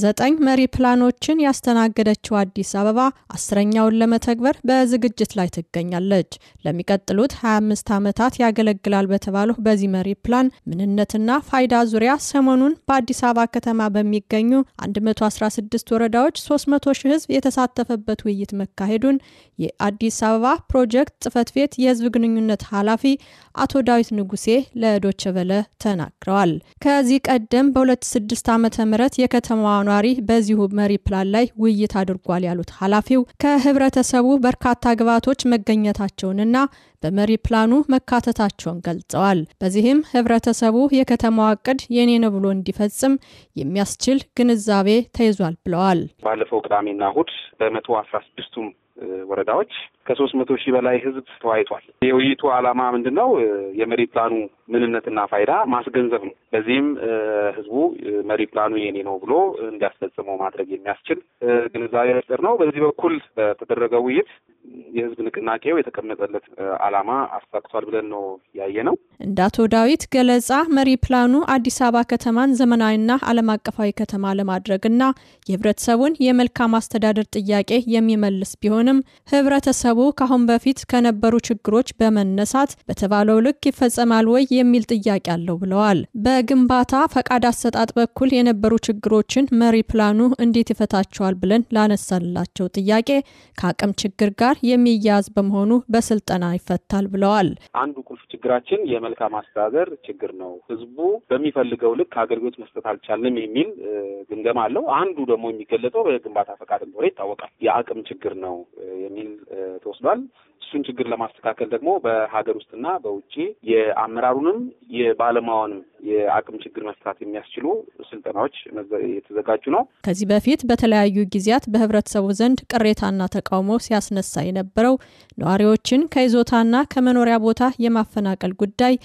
ዘጠኝ መሪ ፕላኖችን ያስተናገደችው አዲስ አበባ አስረኛውን ለመተግበር በዝግጅት ላይ ትገኛለች። ለሚቀጥሉት 25 ዓመታት ያገለግላል በተባለው በዚህ መሪ ፕላን ምንነትና ፋይዳ ዙሪያ ሰሞኑን በአዲስ አበባ ከተማ በሚገኙ 116 ወረዳዎች 300 ሺህ ሕዝብ የተሳተፈበት ውይይት መካሄዱን የአዲስ አበባ ፕሮጀክት ጽፈት ቤት የህዝብ ግንኙነት ኃላፊ አቶ ዳዊት ንጉሴ ለዶቸበለ ተናግረዋል። ከዚህ ቀደም በ 26 ዓ ም የከተማዋ ኗሪ በዚሁ መሪ ፕላን ላይ ውይይት አድርጓል ያሉት ኃላፊው ከህብረተሰቡ በርካታ ግብዓቶች መገኘታቸውንና በመሪ ፕላኑ መካተታቸውን ገልጸዋል። በዚህም ህብረተሰቡ የከተማዋ እቅድ የኔ ነው ብሎ እንዲፈጽም የሚያስችል ግንዛቤ ተይዟል ብለዋል። ባለፈው ቅዳሜና እሁድ በመቶ አስራ ስድስቱም ወረዳዎች ከሶስት መቶ ሺህ በላይ ህዝብ ተወያይቷል። የውይይቱ ዓላማ ምንድን ነው? የመሪ ፕላኑ ምንነትና ፋይዳ ማስገንዘብ ነው። በዚህም ህዝቡ መሪ ፕላኑ የኔ ነው ብሎ እንዲያስፈጽመው ማድረግ የሚያስችል ግንዛቤ መፍጠር ነው። በዚህ በኩል በተደረገ ውይይት የህዝብ ንቅናቄው የተቀመጠለት ዓላማ አሳክቷል ብለን ነው ያየ ነው። እንደ አቶ ዳዊት ገለጻ መሪ ፕላኑ አዲስ አበባ ከተማን ዘመናዊና ዓለም አቀፋዊ ከተማ ለማድረግና የህብረተሰቡን የመልካም አስተዳደር ጥያቄ የሚመልስ ቢሆንም ህብረተሰቡ ማህበረሰቡ ካሁን በፊት ከነበሩ ችግሮች በመነሳት በተባለው ልክ ይፈጸማል ወይ የሚል ጥያቄ አለው ብለዋል። በግንባታ ፈቃድ አሰጣጥ በኩል የነበሩ ችግሮችን መሪ ፕላኑ እንዴት ይፈታቸዋል ብለን ላነሳላቸው ጥያቄ ከአቅም ችግር ጋር የሚያያዝ በመሆኑ በስልጠና ይፈታል ብለዋል። አንዱ ቁልፍ ችግራችን የመልካም አስተዳደር ችግር ነው። ህዝቡ በሚፈልገው ልክ አገልግሎት መስጠት አልቻለም የሚል ግምገማ አለው። አንዱ ደግሞ የሚገለጸው በግንባታ ፈቃድ እንደሆነ ይታወቃል። የአቅም ችግር ነው የሚል ተወስዷል። እሱን ችግር ለማስተካከል ደግሞ በሀገር ውስጥና በውጭ የአመራሩንም የባለሙያውንም የአቅም ችግር መፍታት የሚያስችሉ ስልጠናዎች የተዘጋጁ ነው። ከዚህ በፊት በተለያዩ ጊዜያት በህብረተሰቡ ዘንድ ቅሬታና ተቃውሞ ሲያስነሳ የነበረው ነዋሪዎችን ከይዞታና ከመኖሪያ ቦታ የማፈናቀል ጉዳይ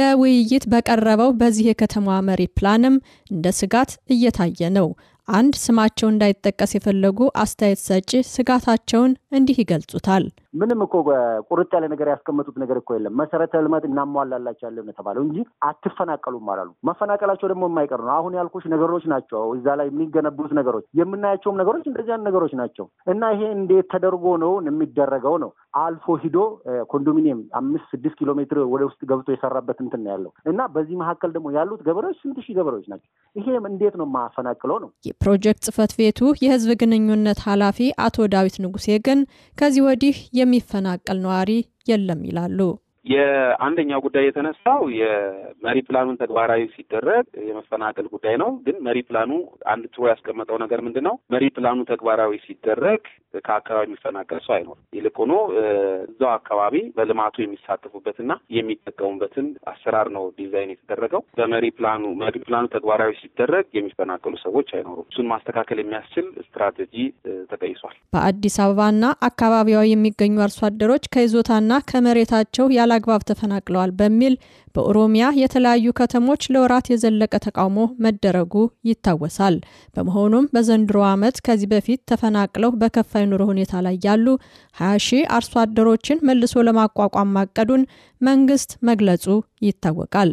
ለውይይት በቀረበው በዚህ የከተማ መሪ ፕላንም እንደ ስጋት እየታየ ነው። አንድ ስማቸው እንዳይጠቀስ የፈለጉ አስተያየት ሰጪ ስጋታቸውን እንዲህ ይገልጹታል። ምንም እኮ ቁርጥ ያለ ነገር ያስቀመጡት ነገር እኮ የለም። መሰረተ ልማት እናሟላላቸዋለን የተባለው እንጂ አትፈናቀሉም አላሉ። መፈናቀላቸው ደግሞ የማይቀር ነው። አሁን ያልኩሽ ነገሮች ናቸው። እዛ ላይ የሚገነቡት ነገሮች፣ የምናያቸውም ነገሮች እንደዚያን ነገሮች ናቸው እና ይሄ እንዴት ተደርጎ ነው የሚደረገው ነው። አልፎ ሂዶ ኮንዶሚኒየም አምስት ስድስት ኪሎ ሜትር ወደ ውስጥ ገብቶ የሰራበት እንትን ነው ያለው እና በዚህ መካከል ደግሞ ያሉት ገበሬዎች ስንት ሺህ ገበሬዎች ናቸው። ይሄ እንዴት ነው የማፈናቅለው ነው። የፕሮጀክት ጽህፈት ቤቱ የህዝብ ግንኙነት ኃላፊ አቶ ዳዊት ንጉሴ ግን ከዚህ ወዲህ የ የሚፈናቀል ነዋሪ የለም ይላሉ። የአንደኛው ጉዳይ የተነሳው የመሪ ፕላኑን ተግባራዊ ሲደረግ የመፈናቀል ጉዳይ ነው። ግን መሪ ፕላኑ አንድ ትሮ ያስቀመጠው ነገር ምንድን ነው? መሪ ፕላኑ ተግባራዊ ሲደረግ ከአካባቢ የሚፈናቀል ሰው አይኖርም። ይልቅ ሆኖ እዛው አካባቢ በልማቱ የሚሳተፉበትና የሚጠቀሙበትን አሰራር ነው ዲዛይን የተደረገው። በመሪ ፕላኑ መሪ ፕላኑ ተግባራዊ ሲደረግ የሚፈናቀሉ ሰዎች አይኖሩም። እሱን ማስተካከል የሚያስችል ስትራቴጂ ተቀይሷል። በአዲስ አበባና አካባቢዋ የሚገኙ አርሶ አደሮች ከይዞታና ከመሬታቸው ያላ አላግባብ ተፈናቅለዋል በሚል በኦሮሚያ የተለያዩ ከተሞች ለወራት የዘለቀ ተቃውሞ መደረጉ ይታወሳል። በመሆኑም በዘንድሮ ዓመት ከዚህ በፊት ተፈናቅለው በከፋ የኑሮ ሁኔታ ላይ ያሉ 20 ሺህ አርሶ አደሮችን መልሶ ለማቋቋም ማቀዱን መንግስት መግለጹ ይታወቃል።